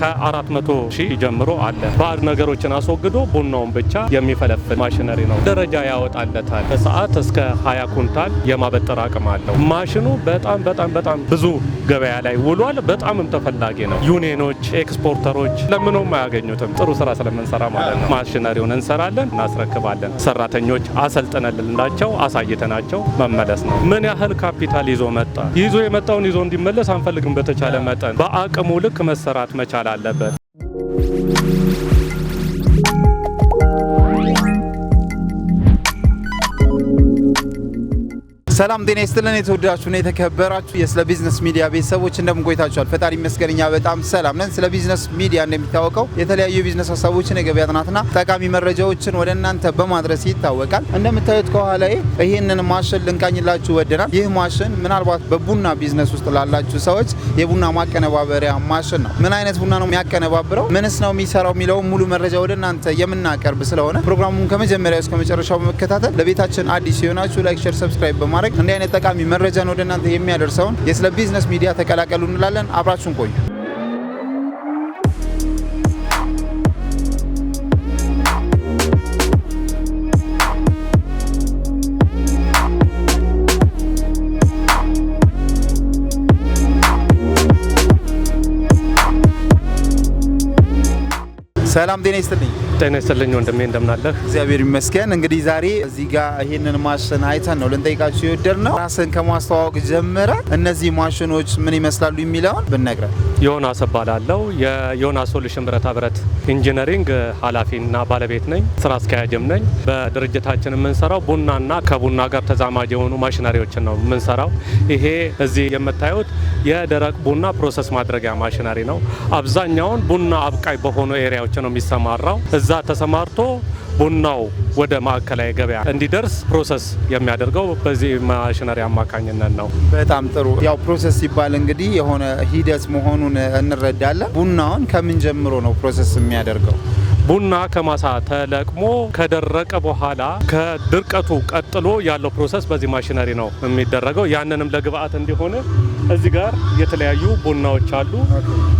ከአራት መቶ ሺህ ጀምሮ አለ። ባዕድ ነገሮችን አስወግዶ ቡናውን ብቻ የሚፈለፍል ማሽነሪ ነው። ደረጃ ያወጣለታል። በሰዓት እስከ 20 ኩንታል የማበጠር አቅም አለው። ማሽኑ በጣም በጣም በጣም ብዙ ገበያ ላይ ውሏል። በጣምም ተፈላጊ ነው። ዩኒየኖች፣ ኤክስፖርተሮች ለምኖም አያገኙትም። ጥሩ ስራ ስለምንሰራ ማለት ነው። ማሽነሪውን እንሰራለን፣ እናስረክባለን። ሰራተኞች አሰልጥነንላቸው አሳይተናቸው መመለስ ነው። ምን ያህል ካፒታል ይዞ መጣ? ይዞ የመጣውን ይዞ እንዲመለስ አንፈልግም። በተቻለ መጠን በአቅሙ ልክ መሰራት መቻል መቻል አለበት። ሰላም ጤና ይስጥልን። የተወደዳችሁ እና የተከበራችሁ የስለ ቢዝነስ ሚዲያ ቤተሰቦች እንደምን ቆይታችኋል? ፈጣሪ ይመስገን እኛ በጣም ሰላም ነን። ስለ ቢዝነስ ሚዲያ እንደሚታወቀው የተለያዩ የቢዝነስ ሀሳቦችን፣ የገበያ ጥናትና ጠቃሚ መረጃዎችን ወደ እናንተ በማድረስ ይታወቃል። እንደምታዩት ከኋላ ይህንን ማሽን ልንቃኝላችሁ ወደናል። ይህ ማሽን ምናልባት በቡና ቢዝነስ ውስጥ ላላችሁ ሰዎች የቡና ማቀነባበሪያ ማሽን ነው። ምን አይነት ቡና ነው የሚያቀነባብረው፣ ምንስ ነው የሚሰራው የሚለው ሙሉ መረጃ ወደ እናንተ የምናቀርብ ስለሆነ ፕሮግራሙን ከመጀመሪያ እስከ መጨረሻው በመከታተል ለቤታችን አዲስ የሆናችሁ ላይክ፣ ሼር፣ ሰብስክራይብ በማድረግ በማድረግ እንዲህ አይነት ጠቃሚ መረጃን ወደ እናንተ የሚያደርሰውን የስለ ቢዝነስ ሚዲያ ተቀላቀሉ እንላለን። አብራችሁን ቆዩ። ሰላም ጤና ይስጥልኝ። ጤና ይስጥልኝ ወንድሜ እንደምናለህ? እግዚአብሔር ይመስገን። እንግዲህ ዛሬ እዚህ ጋር ይህንን ማሽን አይተን ነው ልንጠይቃችሁ ይወደድ ነው። ራስን ከማስተዋወቅ ጀምረ እነዚህ ማሽኖች ምን ይመስላሉ የሚለውን ብነግረን። ዮናስ እባላለሁ። የዮናስ ሶሉሽን ብረታ ብረት ኢንጂነሪንግ ኃላፊና ባለቤት ነኝ። ስራ አስኪያጅም ነኝ። በድርጅታችን የምንሰራው ቡናና ከቡና ጋር ተዛማጅ የሆኑ ማሽነሪዎችን ነው የምንሰራው። ይሄ እዚህ የምታዩት የደረቅ ቡና ፕሮሰስ ማድረጊያ ማሽነሪ ነው። አብዛኛውን ቡና አብቃይ በሆኑ ኤሪያዎች ነው የሚሰማራው። እዛ ተሰማርቶ ቡናው ወደ ማዕከላዊ ገበያ እንዲደርስ ፕሮሰስ የሚያደርገው በዚህ ማሽነሪ አማካኝነት ነው። በጣም ጥሩ። ያው ፕሮሰስ ሲባል እንግዲህ የሆነ ሂደት መሆኑን እንረዳለን። ቡናውን ከምን ጀምሮ ነው ፕሮሰስ የሚያደርገው? ቡና ከማሳ ተለቅሞ ከደረቀ በኋላ ከድርቀቱ ቀጥሎ ያለው ፕሮሰስ በዚህ ማሽነሪ ነው የሚደረገው። ያንንም ለግብአት እንዲሆን እዚህ ጋር የተለያዩ ቡናዎች አሉ።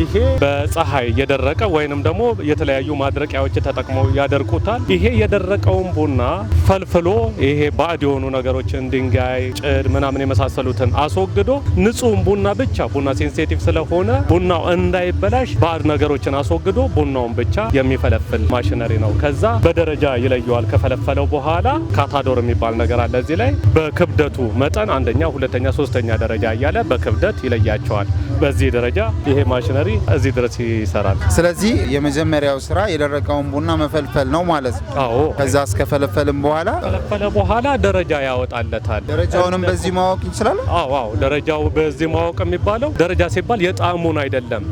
ይሄ በፀሐይ የደረቀ ወይንም ደግሞ የተለያዩ ማድረቂያዎች ተጠቅመው ያደርቁታል። ይሄ የደረቀውን ቡና ፈልፍሎ ይሄ ባዕድ የሆኑ ነገሮች ድንጋይ፣ ጭድ ምናምን የመሳሰሉትን አስወግዶ ንጹህን ቡና ብቻ ቡና ሴንሴቲቭ ስለሆነ ቡናው እንዳይበላሽ ባዕድ ነገሮችን አስወግዶ ቡናውን ብቻ የሚፈለፍ የሚፈለፍል ማሽነሪ ነው። ከዛ በደረጃ ይለየዋል። ከፈለፈለው በኋላ ካታዶር የሚባል ነገር አለ እዚህ ላይ በክብደቱ መጠን አንደኛ፣ ሁለተኛ፣ ሶስተኛ ደረጃ እያለ በክብደት ይለያቸዋል። በዚህ ደረጃ ይሄ ማሽነሪ እዚህ ድረስ ይሰራል። ስለዚህ የመጀመሪያው ስራ የደረቀውን ቡና መፈልፈል ነው ማለት ነው። አዎ። ከዛ እስከፈለፈልም በኋላ ፈለፈለ በኋላ ደረጃ ያወጣለታል። ደረጃውንም በዚህ ማወቅ ይችላል። አዎ፣ አዎ። ደረጃው በዚህ ማወቅ የሚባለው ደረጃ ሲባል የጣዕሙን አይደለም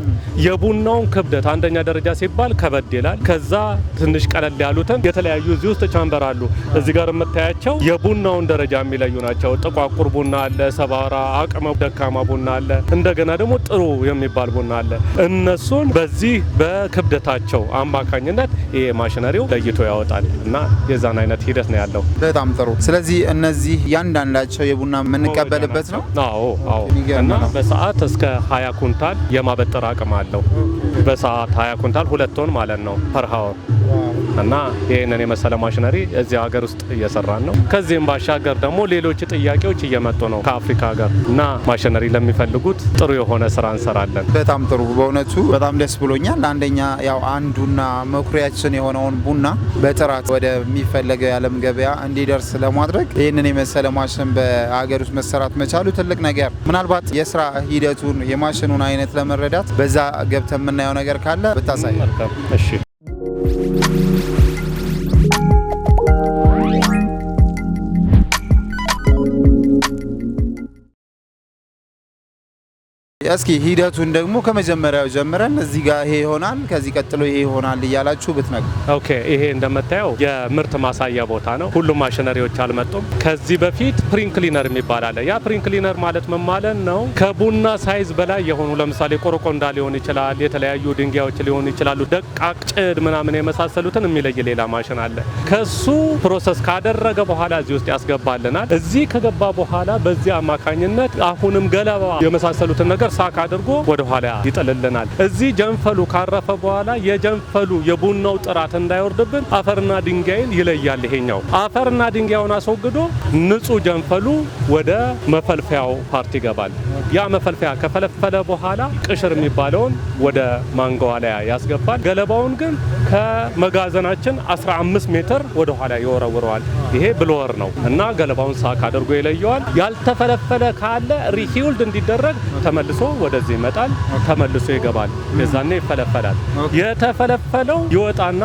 የቡናውን ክብደት አንደኛ ደረጃ ሲባል ከበድ ይላል። ከዛ ከዛ ትንሽ ቀለል ያሉትን የተለያዩ እዚህ ውስጥ ቻምበር አሉ። እዚህ ጋር የምታያቸው የቡናውን ደረጃ የሚለዩ ናቸው። ጥቋቁር ቡና አለ፣ ሰባራ አቅመ ደካማ ቡና አለ፣ እንደገና ደግሞ ጥሩ የሚባል ቡና አለ። እነሱን በዚህ በክብደታቸው አማካኝነት ይሄ ማሽነሪው ለይቶ ያወጣል እና የዛን አይነት ሂደት ነው ያለው። በጣም ጥሩ። ስለዚህ እነዚህ ያንዳንዳቸው የቡና የምንቀበልበት ነው። አዎ አዎ። እና በሰዓት እስከ 20 ኩንታል የማበጠር አቅም አለው። በሰዓት 20 ኩንታል ሁለት ቶን ማለት ነው ፐር ሃወር እና ይህንን የመሰለ ማሽነሪ እዚህ ሀገር ውስጥ እየሰራን ነው። ከዚህም ባሻገር ደግሞ ሌሎች ጥያቄዎች እየመጡ ነው ከአፍሪካ ሀገር እና ማሽነሪ ለሚፈልጉት ጥሩ የሆነ ስራ እንሰራለን። በጣም ጥሩ። በእውነቱ በጣም ደስ ብሎኛል። አንደኛ ያው አንዱና መኩሪያችን የሆነውን ቡና በጥራት ወደሚፈለገው የዓለም ገበያ እንዲደርስ ለማድረግ ይህንን የመሰለ ማሽን በሀገር ውስጥ መሰራት መቻሉ ትልቅ ነገር። ምናልባት የስራ ሂደቱን የማሽኑን አይነት ለመረዳት በዛ ገብተ የምናየው ነገር ካለ ብታሳይ። እሺ እስኪ ሂደቱን ደግሞ ከመጀመሪያው ጀምረን እዚህ ጋር ይሄ ይሆናል፣ ከዚህ ቀጥሎ ይሄ ይሆናል እያላችሁ ብትነግ። ኦኬ ይሄ እንደምታየው የምርት ማሳያ ቦታ ነው። ሁሉም ማሽነሪዎች አልመጡም። ከዚህ በፊት ፕሪንት ክሊነር የሚባል አለ። ያ ፕሪንት ክሊነር ማለት ምን ማለት ነው? ከቡና ሳይዝ በላይ የሆኑ ለምሳሌ ቆረቆንዳ ሊሆን ይችላል፣ የተለያዩ ድንጋዮች ሊሆኑ ይችላሉ፣ ደቃቅ ጭድ ምናምን የመሳሰሉትን የሚለይ ሌላ ማሽን አለ። ከሱ ፕሮሰስ ካደረገ በኋላ እዚህ ውስጥ ያስገባልናል። እዚህ ከገባ በኋላ በዚህ አማካኝነት አሁንም ገለባ የመሳሰሉትን ነገር ሳክ አድርጎ ወደኋላ ይጥልልናል። እዚህ ጀንፈሉ ካረፈ በኋላ የጀንፈሉ የቡናው ጥራት እንዳይወርድብን አፈርና ድንጋይን ይለያል። ይሄኛው አፈርና ድንጋዩን አስወግዶ ንጹህ ጀንፈሉ ወደ መፈልፈያው ፓርት ይገባል። ያ መፈልፈያ ከፈለፈለ በኋላ ቅሽር የሚባለውን ወደ ላይ ያስገባል። ገለባውን ግን ከመጋዘናችን 15 ሜትር ወደ ኋላ ይወረውረዋል። ይሄ ብሎወር ነው እና ገለባውን ሳክ አድርጎ ይለየዋል። ያልተፈለፈለ ካለ ሪሂውልድ እንዲደረግ ተመልሶ ወደዚህ ይመጣል፣ ተመልሶ ይገባል። የዛኔ ይፈለፈላል። የተፈለፈለው ይወጣና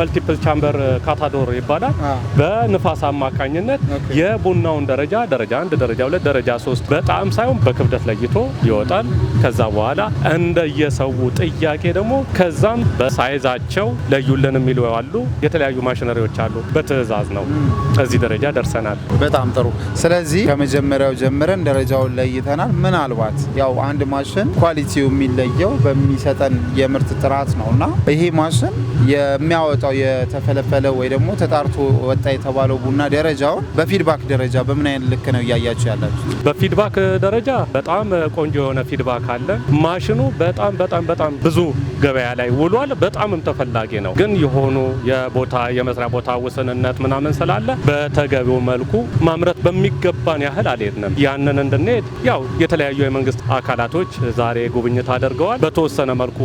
መልቲፕል ቻምበር ካታዶር ይባላል። በንፋስ አማካኝነት የቡናውን ደረጃ ደረጃ አንድ፣ ደረጃ ሁለት፣ ደረጃ ሶስት በጣም ሳይሆን በክብደት ለይቶ ይወጣል። ከዛ በኋላ እንደየሰው ጥያቄ ደግሞ ከዛም በሳይዛቸው ለዩልን የሚሉ አሉ። የተለያዩ ማሽነሪዎች አሉ። በትዕዛዝ ነው እዚህ ደረጃ ደርሰናል። በጣም ጥሩ። ስለዚህ ከመጀመሪያው ጀምረን ደረጃውን ለይተናል። ምናልባት ያው አንድ ማሽን ኳሊቲው የሚለየው በሚሰጠን የምርት ጥራት ነው እና ይሄ ማሽን የሚያወጣው የተፈለፈለ ወይ ደግሞ ተጣርቶ ወጣ የተባለው ቡና ደረጃውን በፊድባክ ደረጃ በምን አይነት ልክ ነው እያያችሁ ያላችሁ? በፊድባክ ደረጃ በጣም ቆንጆ የሆነ ፊድባክ አለ። ማሽኑ በጣም በጣም በጣም ብዙ ገበያ ላይ ውሏል። በጣምም ተፈላጊ ጥያቄ ነው። ግን የሆኑ የቦታ የመስሪያ ቦታ ውስንነት ምናምን ስላለ በተገቢው መልኩ ማምረት በሚገባን ያህል አልሄድንም። ያንን እንድንሄድ ያው የተለያዩ የመንግስት አካላቶች ዛሬ ጉብኝት አድርገዋል። በተወሰነ መልኩ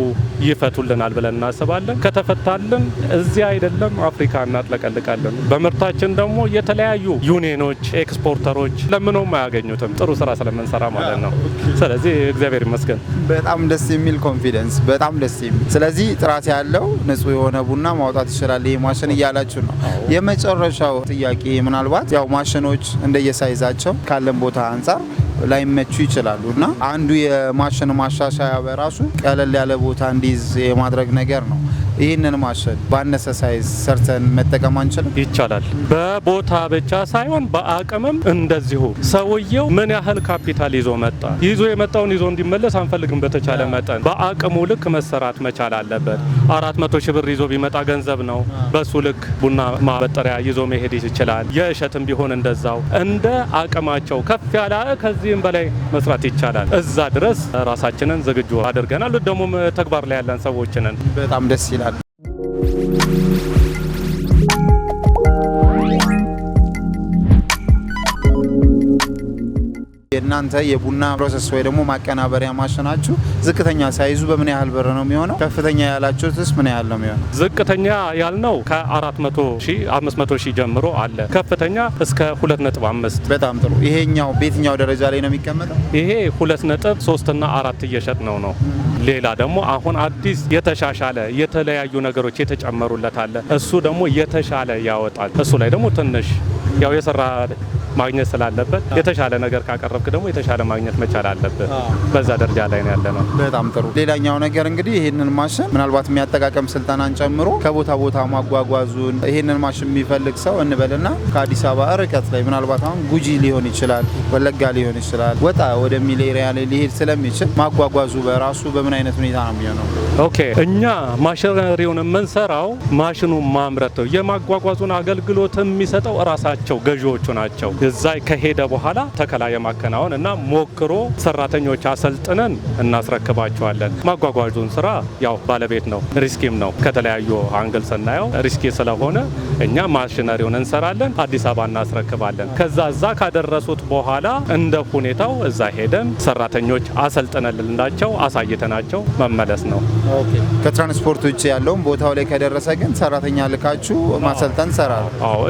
ይፈቱልናል ብለን እናስባለን። ከተፈታልን እዚያ አይደለም አፍሪካ እናጥለቀልቃለን። በምርታችን ደግሞ የተለያዩ ዩኒየኖች፣ ኤክስፖርተሮች ለምኖም አያገኙትም ጥሩ ስራ ስለምንሰራ ማለት ነው። ስለዚህ እግዚአብሔር ይመስገን። በጣም ደስ የሚል ኮንፊደንስ፣ በጣም ደስ የሚል ስለዚህ ጥራት ያለው ንጹህ የሆነ ቡና ማውጣት ይችላል ይህ ማሽን እያላችሁ ነው። የመጨረሻው ጥያቄ ምናልባት ያው ማሽኖች እንደየሳይዛቸው ካለን ቦታ አንጻር ላይመቹ ይችላሉ እና አንዱ የማሽን ማሻሻያ በራሱ ቀለል ያለ ቦታ እንዲይዝ የማድረግ ነገር ነው። ይህንን ማሸን ባነሰ ሳይዝ ሰርተን መጠቀም አንችልም? ይቻላል። በቦታ ብቻ ሳይሆን በአቅምም እንደዚሁ። ሰውየው ምን ያህል ካፒታል ይዞ መጣ፣ ይዞ የመጣውን ይዞ እንዲመለስ አንፈልግም። በተቻለ መጠን በአቅሙ ልክ መሰራት መቻል አለበት። አራት መቶ ሺህ ብር ይዞ ቢመጣ ገንዘብ ነው። በሱ ልክ ቡና ማበጠሪያ ይዞ መሄድ ይችላል። የእሸትም ቢሆን እንደዛው እንደ አቅማቸው ከፍ ያለ ከዚህም በላይ መስራት ይቻላል። እዛ ድረስ ራሳችንን ዝግጁ አድርገናል። ደግሞ ተግባር ላይ ያለን ሰዎችንን በጣም ደስ ይላል። እናንተ የቡና ፕሮሰስ ወይ ደግሞ ማቀናበሪያ ማሽናችሁ ዝቅተኛ ሳይዙ በምን ያህል ብር ነው የሚሆነው? ከፍተኛ ያላችሁትስ ምን ያህል ነው የሚሆነው? ዝቅተኛ ያልነው ከ400 ሺህ 500 ሺህ ጀምሮ አለ። ከፍተኛ እስከ 2.5። በጣም ጥሩ። ይሄኛው በየትኛው ደረጃ ላይ ነው የሚቀመጠው? ይሄ 2.3 እና 4 እየሸጥ ነው ነው። ሌላ ደግሞ አሁን አዲስ የተሻሻለ የተለያዩ ነገሮች የተጨመሩለት አለ። እሱ ደግሞ የተሻለ ያወጣል። እሱ ላይ ደግሞ ትንሽ ያው የሰራ ማግኘት ስላለበት የተሻለ ነገር ካቀረብክ ደግሞ የተሻለ ማግኘት መቻል አለብህ። በዛ ደረጃ ላይ ነው ያለ ነው። በጣም ጥሩ። ሌላኛው ነገር እንግዲህ ይህንን ማሽን ምናልባት የሚያጠቃቀም ስልጠናን ጨምሮ ከቦታ ቦታ ማጓጓዙን ይህንን ማሽን የሚፈልግ ሰው እንበልና ከአዲስ አበባ ርቀት ላይ ምናልባት አሁን ጉጂ ሊሆን ይችላል፣ ወለጋ ሊሆን ይችላል፣ ወጣ ወደሚል ኤሪያ ላይ ሊሄድ ስለሚችል ማጓጓዙ በራሱ በምን አይነት ሁኔታ ነው የሚሆነው? ኦኬ እኛ ማሽነሪውን የምንሰራው ማሽኑ ማምረት ነው። የማጓጓዙን አገልግሎት የሚሰጠው እራሳቸው ገዢዎቹ ናቸው። እዛ ከሄደ በኋላ ተከላ የማከናወን እና ሞክሮ ሰራተኞች አሰልጥነን እናስረክባቸዋለን። ማጓጓዙን ስራ ያው ባለቤት ነው፣ ሪስኪም ነው። ከተለያዩ አንግል ስናየው ሪስኪ ስለሆነ እኛ ማሽነሪውን እንሰራለን፣ አዲስ አበባ እናስረክባለን። ከዛ እዛ ካደረሱት በኋላ እንደ ሁኔታው እዛ ሄደን ሰራተኞች አሰልጥነንላቸው አሳይተናቸው መመለስ ነው። ከትራንስፖርት ውጭ ያለውም ቦታው ላይ ከደረሰ ግን ሰራተኛ ልካችሁ ማሰልጠን ሰራ።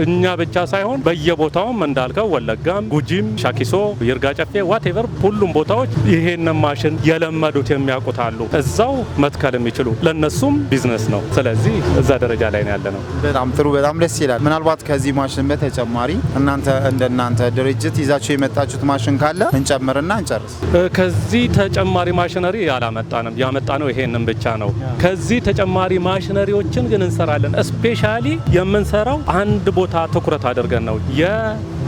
እኛ ብቻ ሳይሆን በየቦታውም እንዳልከው ነው። ወለጋም፣ ጉጂም፣ ሻኪሶ፣ ይርጋ ጨፌ ዋቴቨር ሁሉም ቦታዎች ይሄንን ማሽን የለመዱት የሚያውቁት አሉ፣ እዛው መትከል የሚችሉ ለነሱም ቢዝነስ ነው። ስለዚህ እዛ ደረጃ ላይ ነው ያለ ነው። በጣም ጥሩ፣ በጣም ደስ ይላል። ምናልባት ከዚህ ማሽን በተጨማሪ እናንተ እንደ እናንተ ድርጅት ይዛችሁ የመጣችሁት ማሽን ካለ እንጨምርና እንጨርስ። ከዚህ ተጨማሪ ማሽነሪ አላመጣንም። ያመጣነው ይሄንን ብቻ ነው። ከዚህ ተጨማሪ ማሽነሪዎችን ግን እንሰራለን። ስፔሻሊ የምንሰራው አንድ ቦታ ትኩረት አድርገን ነው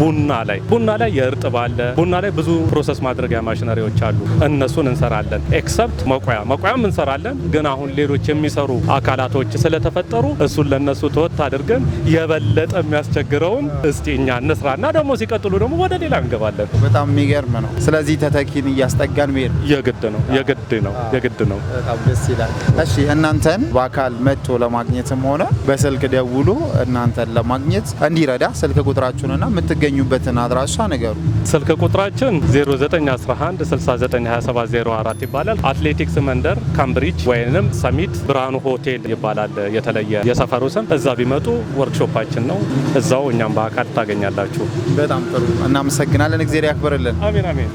ቡና ላይ ቡና ላይ የእርጥብ አለ። ቡና ላይ ብዙ ፕሮሰስ ማድረጊያ ማሽነሪዎች አሉ። እነሱን እንሰራለን። ኤክሰፕት መቆያ መቆያም እንሰራለን። ግን አሁን ሌሎች የሚሰሩ አካላቶች ስለተፈጠሩ እሱን ለነሱ ተወት አድርገን የበለጠ የሚያስቸግረውን እስቲ እኛ እንስራና ደግሞ ሲቀጥሉ ደግሞ ወደ ሌላ እንገባለን። በጣም የሚገርም ነው። ስለዚህ ተተኪን እያስጠጋን መሄድ የግድ ነው የግድ ነው የግድ ነው። በጣም ደስ ይላል። እሺ እናንተን በአካል መጥቶ ለማግኘትም ሆነ በስልክ ደውሎ እናንተን ለማግኘት እንዲረዳ ስልክ ቁጥራችሁንና የምትገ የሚገኙበትን አድራሻ ነገሩ። ስልክ ቁጥራችን 0911692704 ይባላል። አትሌቲክስ መንደር ካምብሪጅ ወይንም ሰሚት ብርሃኑ ሆቴል ይባላል የተለየ የሰፈሩ ስም። እዛ ቢመጡ ወርክሾፓችን ነው። እዛው እኛም በአካል ታገኛላችሁ። በጣም ጥሩ እናመሰግናለን። እግዚአብሔር ያክብርልን። አሜን አሜን።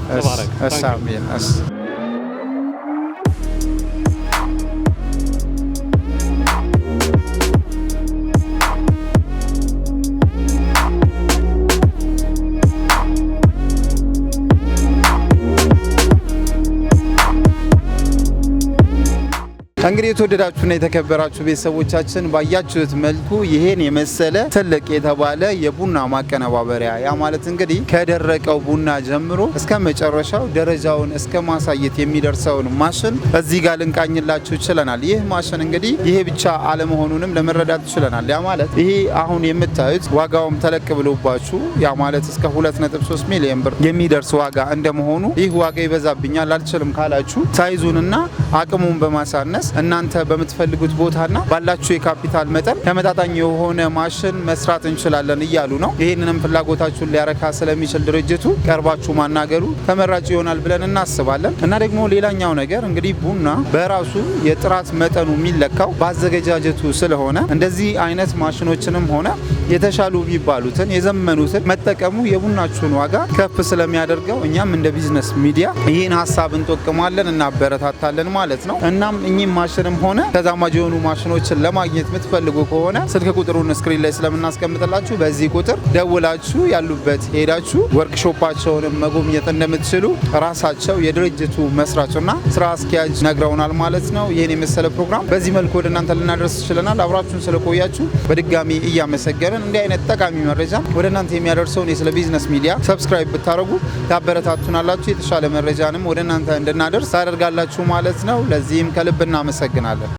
እንግዲህ የተወደዳችሁና የተከበራችሁ ቤተሰቦቻችን ባያችሁት መልኩ ይሄን የመሰለ ትልቅ የተባለ የቡና ማቀነባበሪያ ያ ማለት እንግዲህ ከደረቀው ቡና ጀምሮ እስከ መጨረሻው ደረጃውን እስከ ማሳየት የሚደርሰውን ማሽን እዚህ ጋር ልንቃኝላችሁ ችለናል። ይህ ማሽን እንግዲህ ይሄ ብቻ አለመሆኑንም ለመረዳት ችለናል። ያ ማለት ይሄ አሁን የምታዩት ዋጋውም ተለቅ ብሎባችሁ ያ ማለት እስከ 2.3 ሚሊዮን ብር የሚደርስ ዋጋ እንደመሆኑ ይህ ዋጋ ይበዛብኛል አልችልም ካላችሁ ሳይዙንና አቅሙን በማሳነስ እናንተ በምትፈልጉት ቦታና ባላችሁ የካፒታል መጠን ተመጣጣኝ የሆነ ማሽን መስራት እንችላለን እያሉ ነው። ይህንንም ፍላጎታችሁን ሊያረካ ስለሚችል ድርጅቱ ቀርባችሁ ማናገሩ ተመራጭ ይሆናል ብለን እናስባለን። እና ደግሞ ሌላኛው ነገር እንግዲህ ቡና በራሱ የጥራት መጠኑ የሚለካው በአዘገጃጀቱ ስለሆነ እንደዚህ አይነት ማሽኖችንም ሆነ የተሻሉ የሚባሉትን የዘመኑትን መጠቀሙ የቡናችሁን ዋጋ ከፍ ስለሚያደርገው እኛም እንደ ቢዝነስ ሚዲያ ይህን ሀሳብ እንጠቅማለን እናበረታታለን ማለት ነው። እናም እኚህ ማሽንም ሆነ ተዛማጅ የሆኑ ማሽኖችን ለማግኘት የምትፈልጉ ከሆነ ስልክ ቁጥሩን ስክሪን ላይ ስለምናስቀምጥላችሁ በዚህ ቁጥር ደውላችሁ ያሉበት ሄዳችሁ ወርክሾፓቸውንም መጎብኘት እንደምትችሉ ራሳቸው የድርጅቱ መስራችና ስራ አስኪያጅ ነግረውናል ማለት ነው። ይህን የመሰለ ፕሮግራም በዚህ መልኩ ወደ እናንተ ልናደርስ ችለናል። አብራችሁን ስለቆያችሁ በድጋሚ እያመሰገንን እንዲህ አይነት ጠቃሚ መረጃ ወደ እናንተ የሚያደርሰውን የስለ ቢዝነስ ሚዲያ ሰብስክራይብ ብታደረጉ ታበረታቱናላችሁ። የተሻለ መረጃንም ወደ እናንተ እንድናደርስ ታደርጋላችሁ ማለት ነው። ለዚህም ከልብ እናመሰግ እናመሰግናለን።